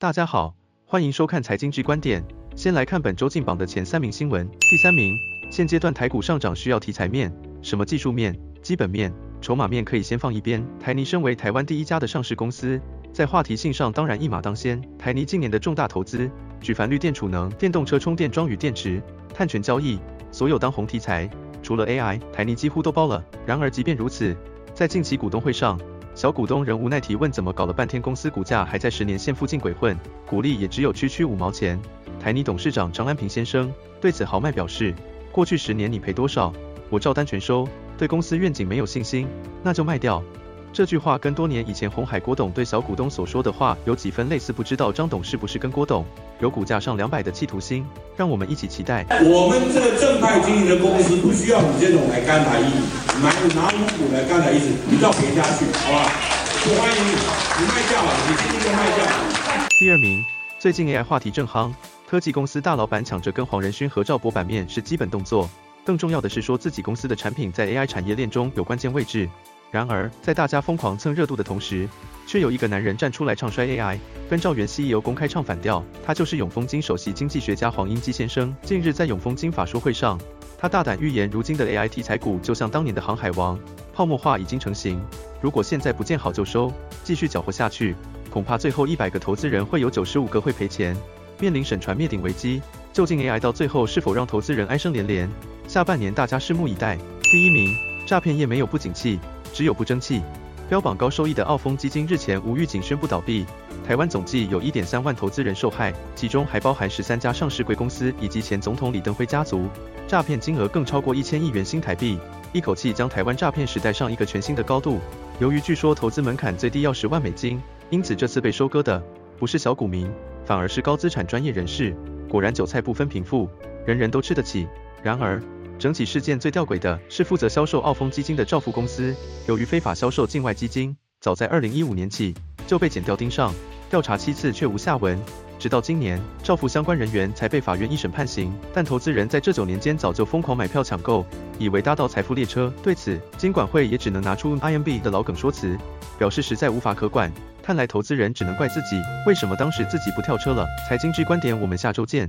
大家好，歡迎收看財經 G 觀點。先來看本周進榜的前三名新聞。第三名，現階段台股上漲需要題材面，什麼技術面、基本面、籌碼面可以先放一邊。台泥身為台灣第一家的上市公司，在話題性上當然一馬當先。台泥近年的重大投資，舉凡綠電儲能、電動車充電樁與電池、碳權交易，所有當紅題材，除了 AI，台泥幾乎都包了。然而，即便如此，在近期股東會上，小股東仍無奈提問：怎麼搞了半天，公司股價還在十年線附近鬼混，股利也只有區區五毛錢？台泥董事長張安平先生對此豪邁表示：過去十年你賠多少，我照單全收。對公司願景沒有信心，那就賣掉。這句話跟多年以前鴻海郭董對小股東所說的話有幾分類似，不知道張董是不是跟郭董有股價上兩百的企圖心？讓我們一起期待。我們這個正派經營的公司不需要你這種來幹啥意思？你買你拿五股來幹啥意思？你到別家去，好吧？不歡迎你，你賣掉了，你今天就賣掉了。第二名，最近 AI 話題正夯，科技公司大老闆搶着跟黃仁勳合照，博版面是基本動作。更重要的是，說自己公司的產品在 AI 產業鏈中有關鍵位置。然而，在大家瘋狂蹭熱度的同時，卻有一個男人站出來唱衰 AI，跟趙源 CEO 公開唱反調。他就是永豐金首席經濟學家黃蔭基先生。近日在永豐金法說會上，他大膽預言，如今的 AI 題材股就像當年的航海王，泡沫化已經成型。如果現在不見好就收，繼續攪和下去，恐怕最後一百個投資人會有九十五個會賠錢，面臨沉船滅頂危機。究竟 AI 到最後是否讓投資人哀聲連連？下半年大家拭目以待。第一名，詐騙業沒有不景氣。只有不爭氣，標榜高收益的澳豐基金日前無預警宣布倒閉。台灣總計有一點三萬投資人受害，其中還包含十三家上市櫃公司以及前總統李登輝家族。詐騙金額更超過一千億元新台幣，一口氣將台灣詐騙時代帶上一個全新的高度。由於據說投資門檻最低要十萬美金，因此這次被收割的不是小股民，反而是高資產專業人士。果然，韭菜不分貧富，人人都吃得起。然而，整起事件最弔詭的是，負責銷售澳豐基金的兆富公司，由於非法銷售境外基金，早在二零一五年起就被檢調盯上，調查七次卻無下文，直到今年兆富相關人員才被法院一審判刑。但投資人在這九年間早就瘋狂買票搶購，以為搭到財富列車。對此，金管會也只能拿出 IMB 的老梗說辭，表示實在無法可管。看來投資人只能怪自己，為什麼當時自己不跳車了？財經之觀點，我們下週見。